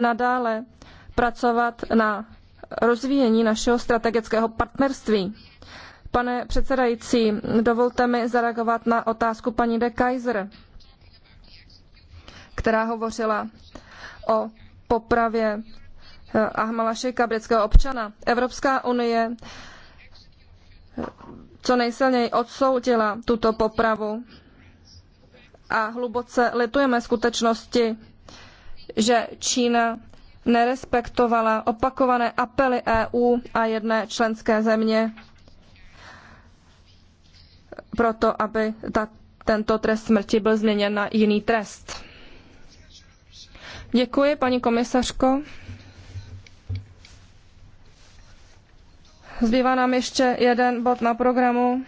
nadále pracovat na rozvíjení našeho strategického partnerství. Pane předsedající, dovolte mi zareagovat na otázku paní de Kaiser, která hovořila o popravě eh, Ahmala Šejka, britského občana. Evropská unie eh, co nejsilněji odsoudila tuto popravu a hluboce litujeme skutečnosti, že Čína nerespektovala opakované apely EU a jedné členské země proto, aby ta, tento trest smrti byl změněn na jiný trest. Děkuji, paní komisařko. Zbývá nám ještě jeden bod na programu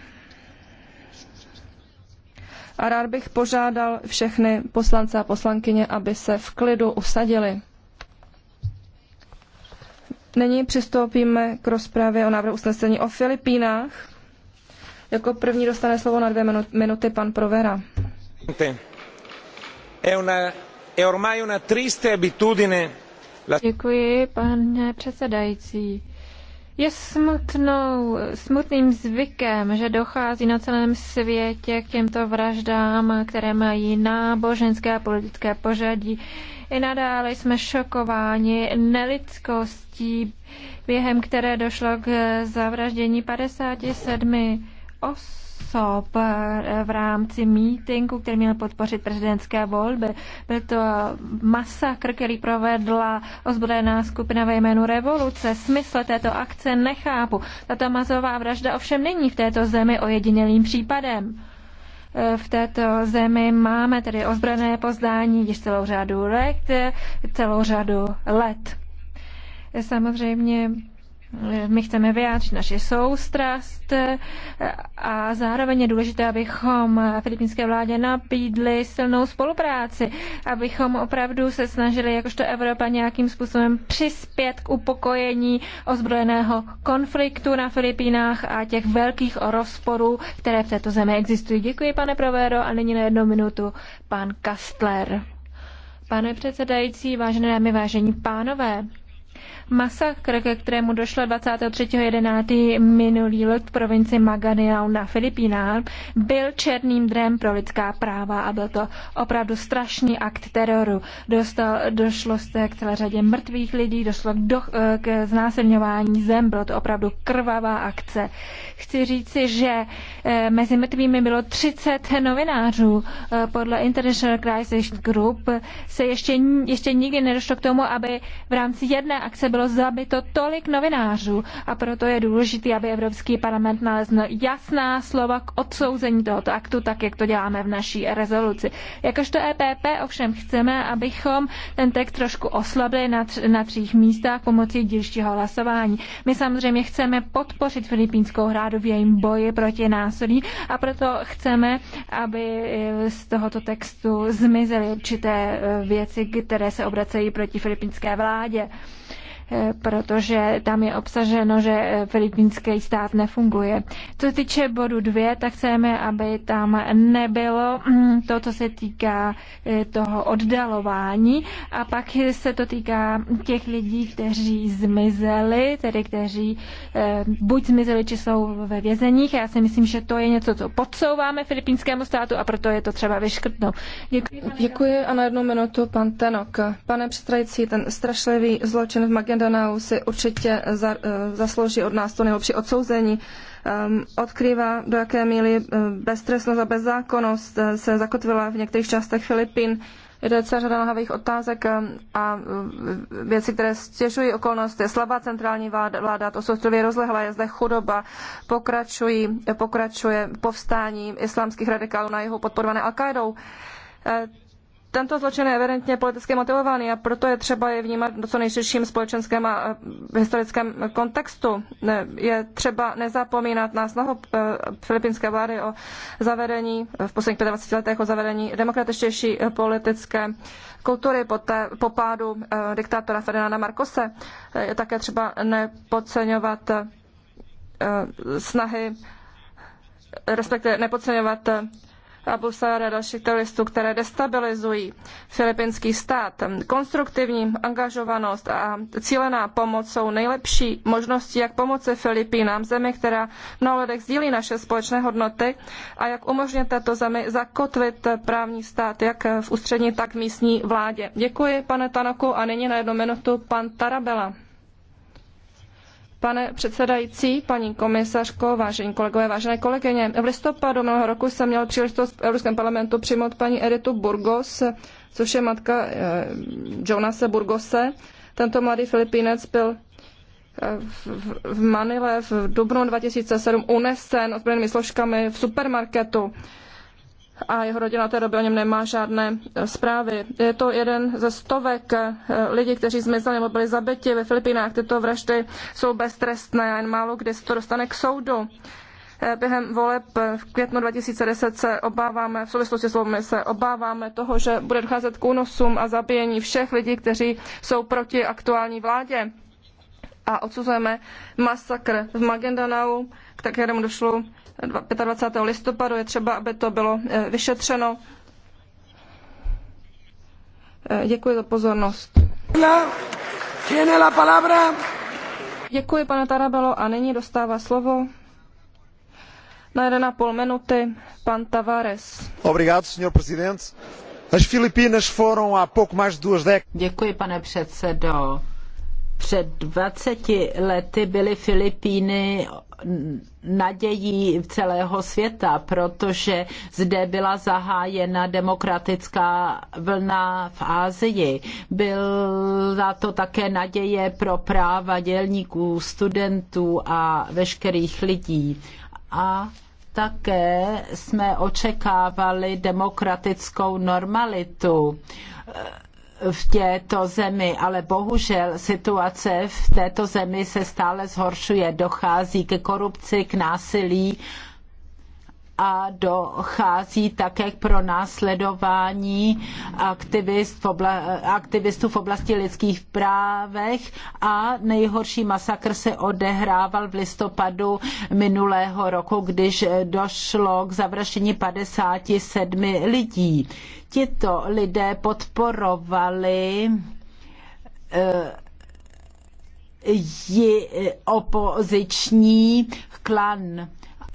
a rád bych požádal všechny poslance a poslankyně, aby se v klidu usadili. Nyní přistoupíme k rozpravě o návrhu usnesení o Filipínách. Jako první dostane slovo na dvě minuty pan Provera. Děkuji, pane předsedající je smutnou, smutným zvykem, že dochází na celém světě k těmto vraždám, které mají náboženské a politické pořadí. I nadále jsme šokováni nelidskostí, během které došlo k zavraždění 57 osob osob eh, v rámci mítinku, který měl podpořit prezidentské volby. Byl to masakr, který provedla ozbrojená skupina ve jménu revoluce. Smysl této akce nechápu. Tato mazová vražda ovšem není v této zemi ojedinělým případem. Eh, v této zemi máme tedy ozbrojené pozdání již celou řadu let, eh, celou řadu let. Samozřejmě my chceme vyjádřit naši soustrast eh, a zároveň je důležité, abychom filipínské vládě nabídli silnou spolupráci, abychom opravdu se snažili jakožto Evropa nějakým způsobem přispět k upokojení ozbrojeného konfliktu na Filipínách a těch velkých rozporů, které v této zemi existují. Děkuji, pane Provero, a nyní na jednu minutu pan Kastler. Pane předsedající, vážené dámy, vážení pánové, Masakr, ke kterému došlo 23.11. minulý let v provinci Maganiao na Filipínách, byl černým drem pro lidská práva a byl to opravdu strašný akt teroru. Dostal, došlo se k celé řadě mrtvých lidí, došlo do, eh, k znásilňování zem, bylo to opravdu krvavá akce. Chci říci, že eh, mezi mrtvými bylo 30 novinářů. Eh, podle International Crisis Group se ještě, ještě nikdy nedošlo k tomu, aby v rámci jedné akce bylo zabito tolik novinářů a proto je důležité, aby Evropský parlament nalezl jasná slova k odsouzení tohoto aktu, tak jak to děláme v naší rezoluci. Jakožto EPP ovšem chceme, abychom ten text trošku oslabili na, tř- na třích místách pomocí dílčího hlasování. My samozřejmě chceme podpořit filipínskou hrádu v jejím boji proti násilí a proto chceme, aby eh, z tohoto textu zmizely určité eh, věci, které se obracejí proti filipínské vládě. Eh, protože tam je obsaženo, že eh, filipínský stát nefunguje. Co týče bodu dvě, tak chceme, aby tam nebylo mm, to, co se týká eh, toho oddalování a pak se to týká těch lidí, kteří zmizeli, tedy kteří buď zmizeli, či jsou ve vězeních. Já si myslím, že to je něco, co podsouváme filipínskému státu a proto je to třeba vyškrtnout. Děkuji. Děkuji a na jednu minutu pan Tenok. Pane předsedající, ten strašlivý zločin v Magen Danau si určitě za, eh, zaslouží od nás to nejlepší odsouzení. Ehm, odkrývá, do jaké míry eh, beztrestnost a bezzákonnost eh, se zakotvila v některých částech Filipín. to celá řada nahavých otázek ehm, a, a věci, které stěžují okolnost. Je slabá centrální vláda, vláda to soustavě rozlehla, je zde chudoba, pokračují, pokračuje povstání islámských radikálů na jihu podporované Al-Qaidou tento zločin je evidentně politicky motivovaný a proto je třeba je vnímat v co nejširším společenském a e, historickém kontextu. Je třeba nezapomínat na snahu e, filipínské vlády o zavedení e, v posledních 25 letech o zavedení demokratičtější politické kultury po, té, po pádu diktátora Ferdinanda Marcose. Je také třeba nepodceňovat snahy respektive nepodceňovat Abu sara a dalších teroristů, které destabilizují filipínský stát. Konstruktivní angažovanost a cílená pomoc jsou nejlepší možnosti, jak pomoci Filipínám, zemi, která v mnoha letech sdílí naše společné hodnoty a jak umožnit této zemi zakotvit právní stát, jak v ústřední, tak v místní vládě. Děkuji, pane Tanaku, a nyní na jednu minutu pan Tarabela. Pane předsedající, paní komisařko, vážení kolegové, vážené kolegyně, v listopadu minulého roku jsem měl příležitost v Evropském parlamentu přijmout paní Editu Burgos, což je matka eh, Jonase Burgose. Tento mladý Filipínec byl eh, v Manile v dubnu 2007 unesen ozbrojenými složkami v supermarketu a jeho rodina té doby o něm nemá žádné e, zprávy. Je to jeden ze stovek e, lidí, kteří zmizeli nebo byli zabiti ve Filipínách. Tyto vraždy jsou beztrestné a jen málo kdy se to dostane k soudu. E, během voleb v květnu 2010 se obáváme, v souvislosti s volbami se obáváme toho, že bude docházet k únosům a zabíjení všech lidí, kteří jsou proti aktuální vládě. A odsuzujeme masakr v Magendanau, k kterému došlo 25. listopadu. Je třeba, aby to bylo eh, vyšetřeno. Eh, děkuji za pozornost. Tiene la palabra. Děkuji, pane Tarabelo, a nyní dostává slovo na 1,5 minuty pan Tavares. Obrigado, senhor presidente. As Filipinas foram há pouco mais de duas décadas. Děkuji, pane předsedo. Před 20 lety byly Filipíny nadějí celého světa, protože zde byla zahájena demokratická vlna v Ázii. Byla to také naděje pro práva dělníků, studentů a veškerých lidí. A také jsme očekávali demokratickou normalitu v této zemi, ale bohužel situace v této zemi se stále zhoršuje. Dochází ke korupci, k násilí a dochází také k pronásledování aktivist v obla- aktivistů v oblasti lidských právech a nejhorší masakr se odehrával v listopadu minulého roku, když došlo k zavraždění 57 lidí. Tito lidé podporovali eh, ji opoziční klan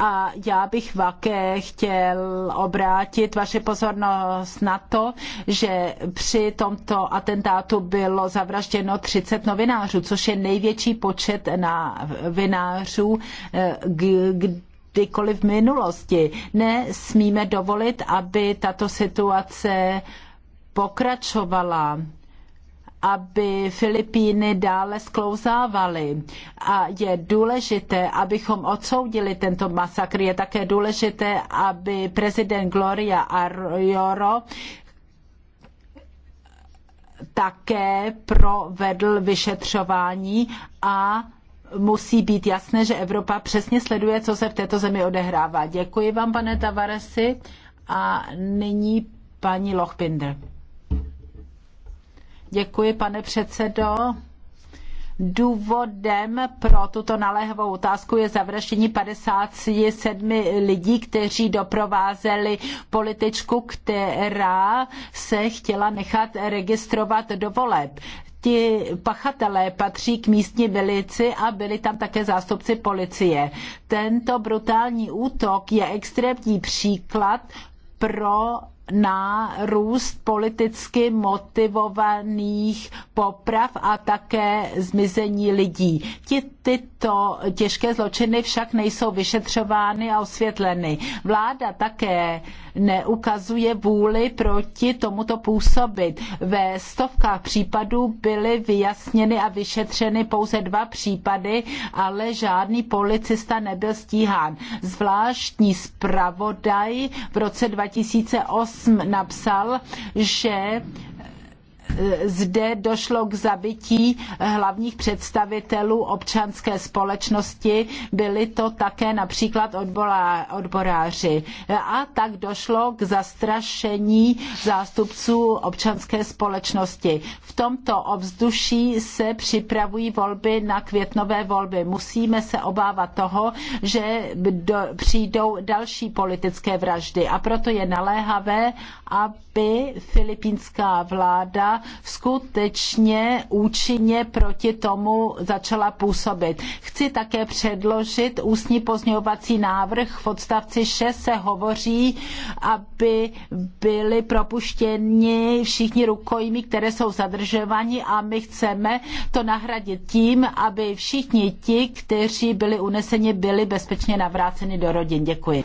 a já bych také chtěl obrátit vaši pozornost na to, že při tomto atentátu bylo zavražděno 30 novinářů, což je největší počet novinářů, eh, kdykoliv v minulosti. Nesmíme dovolit, aby tato situace pokračovala aby Filipíny dále sklouzávaly. A je důležité, abychom odsoudili tento masakr. Je také důležité, aby prezident Gloria Arroyo také provedl vyšetřování a musí být jasné, že Evropa přesně sleduje, co se v této zemi odehrává. Děkuji vám, pane Tavaresi. A nyní paní Lochbinder. Děkuji, pane předsedo. Důvodem pro tuto naléhavou otázku je zavraždění 57 lidí, kteří doprovázeli političku, která se chtěla nechat registrovat do voleb ti pachatelé patří k místní milici a byli tam také zástupci policie. Tento brutální útok je extrémní příklad pro na růst politicky motivovaných poprav a také zmizení lidí. Ti, tyto těžké zločiny však nejsou vyšetřovány a osvětleny. Vláda také neukazuje vůli proti tomuto působit. Ve stovkách případů byly vyjasněny a vyšetřeny pouze dva případy, ale žádný policista nebyl stíhán. Zvláštní zpravodaj v roce 2008 jsem napsal, že zde došlo k zabití hlavních představitelů občanské společnosti, byli to také například odboráři. A tak došlo k zastrašení zástupců občanské společnosti. V tomto ovzduší se připravují volby na květnové volby. Musíme se obávat toho, že přijdou další politické vraždy a proto je naléhavé, aby by filipínská vláda skutečně účinně proti tomu začala působit. Chci také předložit ústní pozměňovací návrh. V odstavci 6 se hovoří, aby byli propuštěni všichni rukojmí, které jsou zadržovaní a my chceme to nahradit tím, aby všichni ti, kteří byli uneseni, byli bezpečně navráceni do rodin. Děkuji.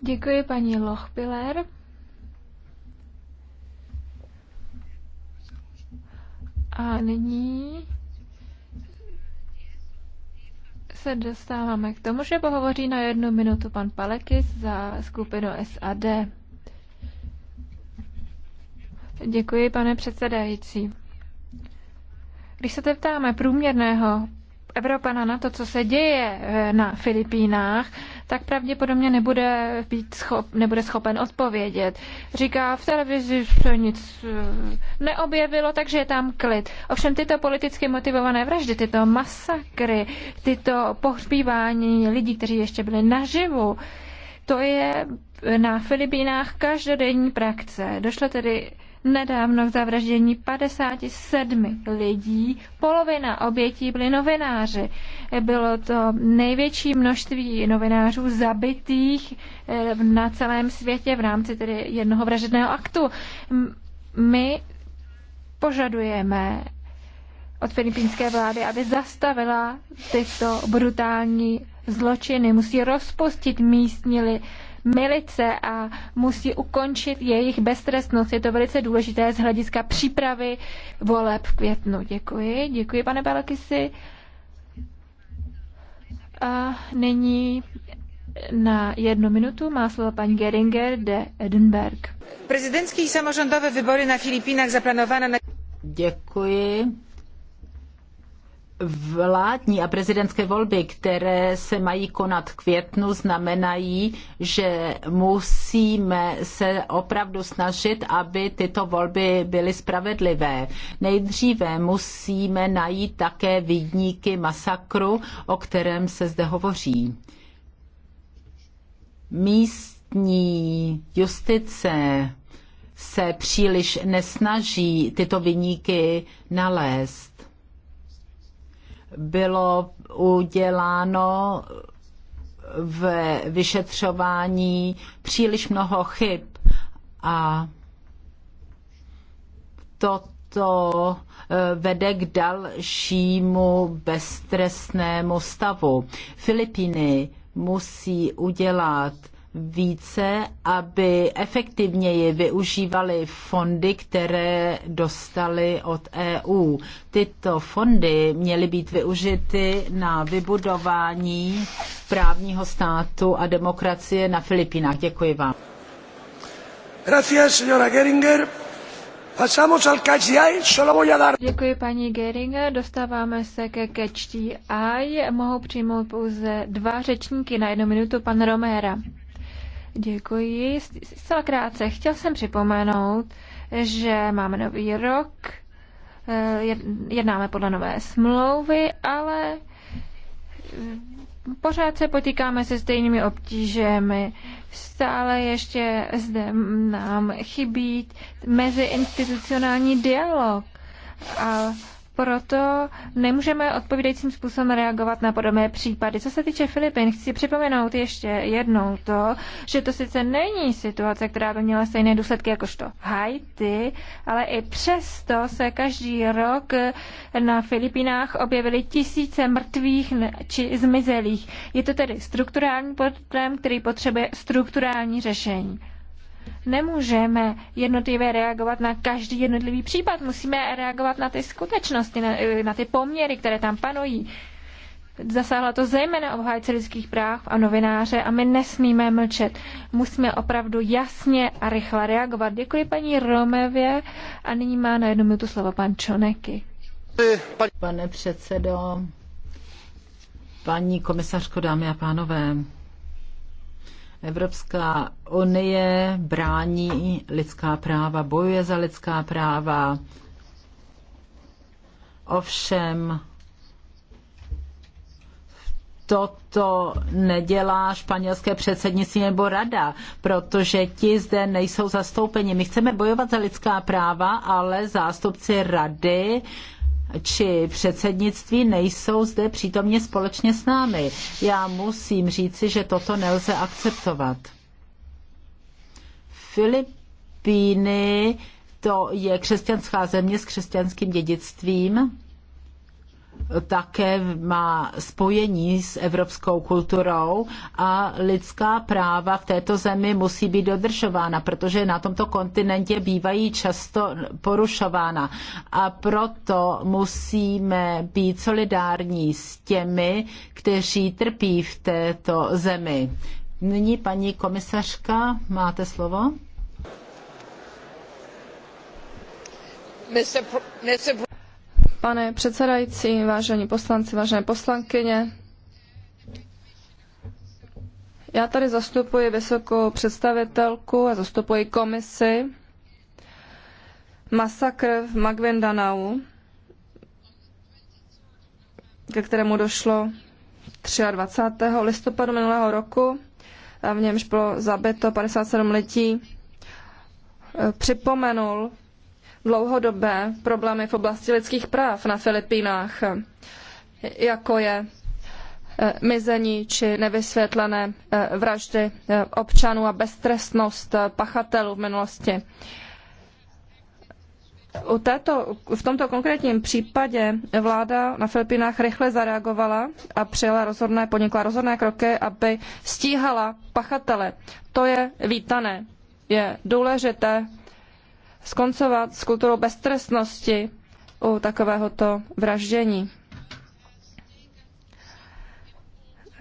Děkuji, paní Lochbiller. A nyní se dostáváme k tomu, že pohovoří na jednu minutu pan Palekis za skupinu SAD. Děkuji, pane předsedající. Když se teptáme průměrného Evropana na to, co se děje eh, na Filipínách, tak pravděpodobně nebude, být schop, nebude schopen odpovědět. Říká, v televizi se nic eh, neobjevilo, takže je tam klid. Ovšem tyto politicky motivované vraždy, tyto masakry, tyto pohřbívání lidí, kteří ještě byli naživu, to je na Filipínách každodenní praxe. Došlo tedy nedávno k zavraždění 57 lidí. Polovina obětí byly novináři. Bylo to největší množství novinářů zabitých eh, na celém světě v rámci tedy jednoho vražedného aktu. My požadujeme od filipínské vlády, aby zastavila tyto brutální zločiny. Musí rozpustit místní milice a musí ukončit jejich beztrestnost. Je to velice důležité z hlediska přípravy voleb v květnu. Děkuji. Děkuji, pane Balakisi. A nyní na jednu minutu má slovo paní Geringer de Edinburgh. Prezidentské i vybory na Filipinách zaplanowane na... Děkuji vládní a prezidentské volby, které se mají konat v květnu, znamenají, že musíme se opravdu snažit, aby tyto volby byly spravedlivé. Nejdříve musíme najít také výdníky masakru, o kterém se zde hovoří. Místní justice se příliš nesnaží tyto vyníky nalézt bylo uděláno v vyšetřování příliš mnoho chyb a toto eh, vede k dalšímu beztrestnému stavu. Filipíny musí udělat více, aby efektivněji využívali fondy, které dostali od EU. Tyto fondy měly být využity na vybudování právního státu a demokracie na Filipínách. Děkuji vám. Gracias, señora Geringer. Pasamos al catch the eye. Solo voy a dar... Děkuji paní Geringer. Dostáváme se ke catch the eye. Mohou přijmout pouze dva řečníky na jednu minutu. Pan Romera. Děkuji. Zcela krátce, chtěl jsem připomenout, že máme nový rok, eh, jednáme podle nové smlouvy, ale pořád se potýkáme se stejnými obtížemi. Stále ještě zde nám chybí meziinstitucionální dialog. A proto nemůžeme odpovídajícím způsobem reagovat na podobné případy. Co se týče Filipin, chci připomenout ještě jednou to, že to sice není situace, která by měla stejné důsledky jakožto Haiti, ale i přesto se každý rok na Filipinách objevily tisíce mrtvých či zmizelých. Je to tedy strukturální problém, který potřebuje strukturální řešení nemůžeme jednotlivě reagovat na každý jednotlivý případ. Musíme reagovat na ty skutečnosti, na, eh, na ty poměry, které tam panují. Zasáhla to zejména obhájce lidských práv a novináře a my nesmíme mlčet. Musíme opravdu jasně a rychle reagovat. Děkuji paní Romevě a nyní má na jednu minutu slovo pan Čoneky. Pane předsedo, paní komisařko, dámy a pánové, Evropská unie brání lidská práva, bojuje za lidská práva. Ovšem, toto nedělá španělské předsednictví nebo rada, protože ti zde nejsou zastoupeni. My chceme bojovat za lidská práva, ale zástupci rady či předsednictví nejsou zde přítomně společně s námi. Já musím říci, že toto nelze akceptovat. Filipíny to je křesťanská země s křesťanským dědictvím také má spojení s evropskou kulturou a lidská práva v této zemi musí být dodržována, protože na tomto kontinentě bývají často porušována. A proto musíme být solidární s těmi, kteří trpí v této zemi. Nyní paní komisařka, máte slovo. Mr. Pr- Mr. Pane předsedající, vážení poslanci, vážené poslankyně, já tady zastupuji vysokou představitelku a zastupuji komisi. Masakr v Magvindanau, ke kterému došlo 23. listopadu minulého roku, v němž bylo zabito 57 lidí, eh, připomenul dlouhodobé problémy v oblasti lidských práv na Filipínách, jako je e, mizení či nevysvětlené e, vraždy e, občanů a beztrestnost pachatelů v minulosti. U této, v tomto konkrétním případě vláda na Filipínách rychle zareagovala a přijala rozhodné, podnikla rozhodné kroky, aby stíhala pachatele. To je vítané. Je důležité skoncovat s kulturou beztrestnosti u takovéhoto vraždění.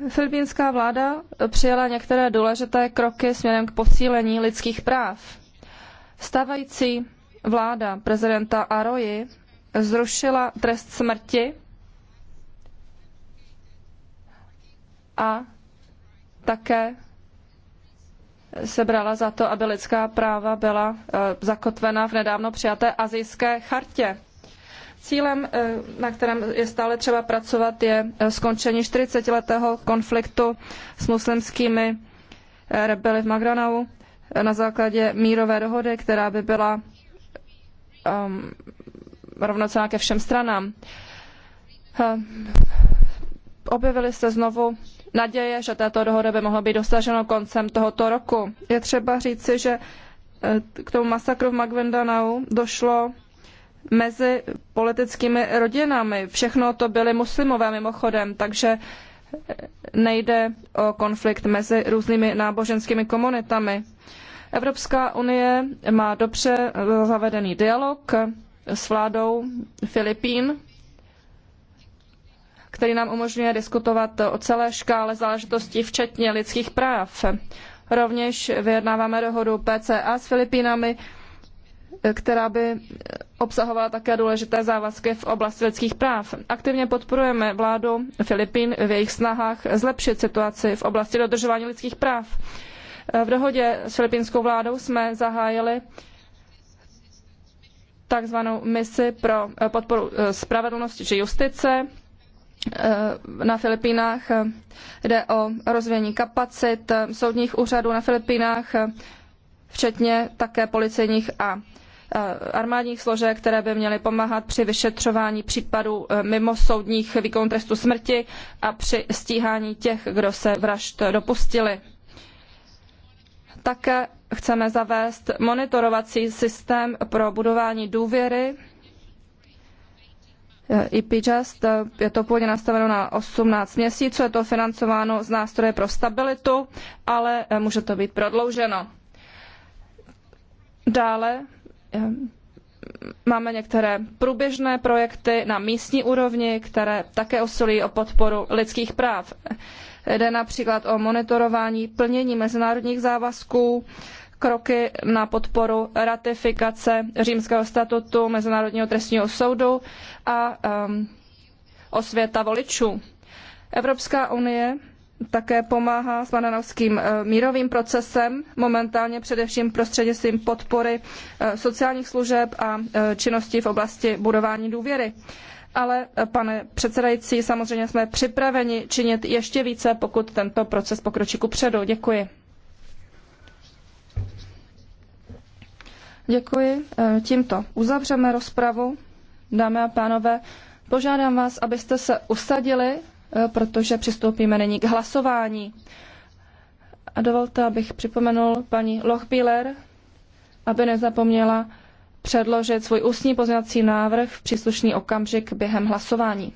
Filipínská vláda přijala některé důležité kroky směrem k posílení lidských práv. Stávající vláda prezidenta Aroji zrušila trest smrti a také se brala za to, aby lidská práva byla eh, zakotvena v nedávno přijaté azijské chartě. Cílem, eh, na kterém je stále třeba pracovat, je eh, skončení 40-letého konfliktu s muslimskými rebeli v Magranau na základě mírové dohody, která by byla um, rovnocená ke všem stranám. Objevily se znovu naděje, že této dohody by mohlo být dosaženo koncem tohoto roku. Je třeba říci, že e, k tomu masakru v Magvindanau došlo mezi politickými rodinami. Všechno to byli muslimové mimochodem, takže e, nejde o konflikt mezi různými náboženskými komunitami. Evropská unie má dobře zavedený dialog s vládou Filipín který nám umožňuje diskutovat o celé škále záležitostí, včetně lidských práv. Rovněž vyjednáváme dohodu PCA s Filipínami, která by obsahovala také důležité závazky v oblasti lidských práv. Aktivně podporujeme vládu Filipín v jejich snahách zlepšit situaci v oblasti dodržování lidských práv. V dohodě s filipínskou vládou jsme zahájili takzvanou misi pro podporu eh, spravedlnosti či justice, Eh, na Filipínách. Eh, jde o rozvíjení kapacit eh, soudních úřadů na Filipínách, včetně také policejních a armádních složek, které by měly pomáhat při vyšetřování případů mimosoudních výkonů trestu smrti a při stíhání těch, kdo se vražd dopustili. Také chceme zavést monitorovací systém pro budování důvěry IPJust. Je to původně nastaveno na 18 měsíců, je to financováno z nástroje pro stabilitu, ale eh, může to být prodlouženo. Dále eh, máme některé průběžné projekty na místní úrovni, které také osilují o podporu lidských práv. Jde například o monitorování plnění mezinárodních závazků, kroky na podporu ratifikace Římského statutu Mezinárodního trestního soudu a um, osvěta voličů. Evropská unie také pomáhá s lananovským eh, mírovým procesem, momentálně především prostřednictvím podpory eh, sociálních služeb a eh, činností v oblasti budování důvěry. Ale, pane předsedající, samozřejmě jsme připraveni činit ještě více, pokud tento proces pokročí ku předu. Děkuji. Děkuji. Eh, tímto uzavřeme rozpravu. Dámy a pánové, požádám vás, abyste se usadili, eh, protože přistoupíme nyní k hlasování. A dovolte, abych připomenul paní Lochbíler, aby nezapomněla předložit svůj ústní pozměňovací návrh v příslušný okamžik během hlasování.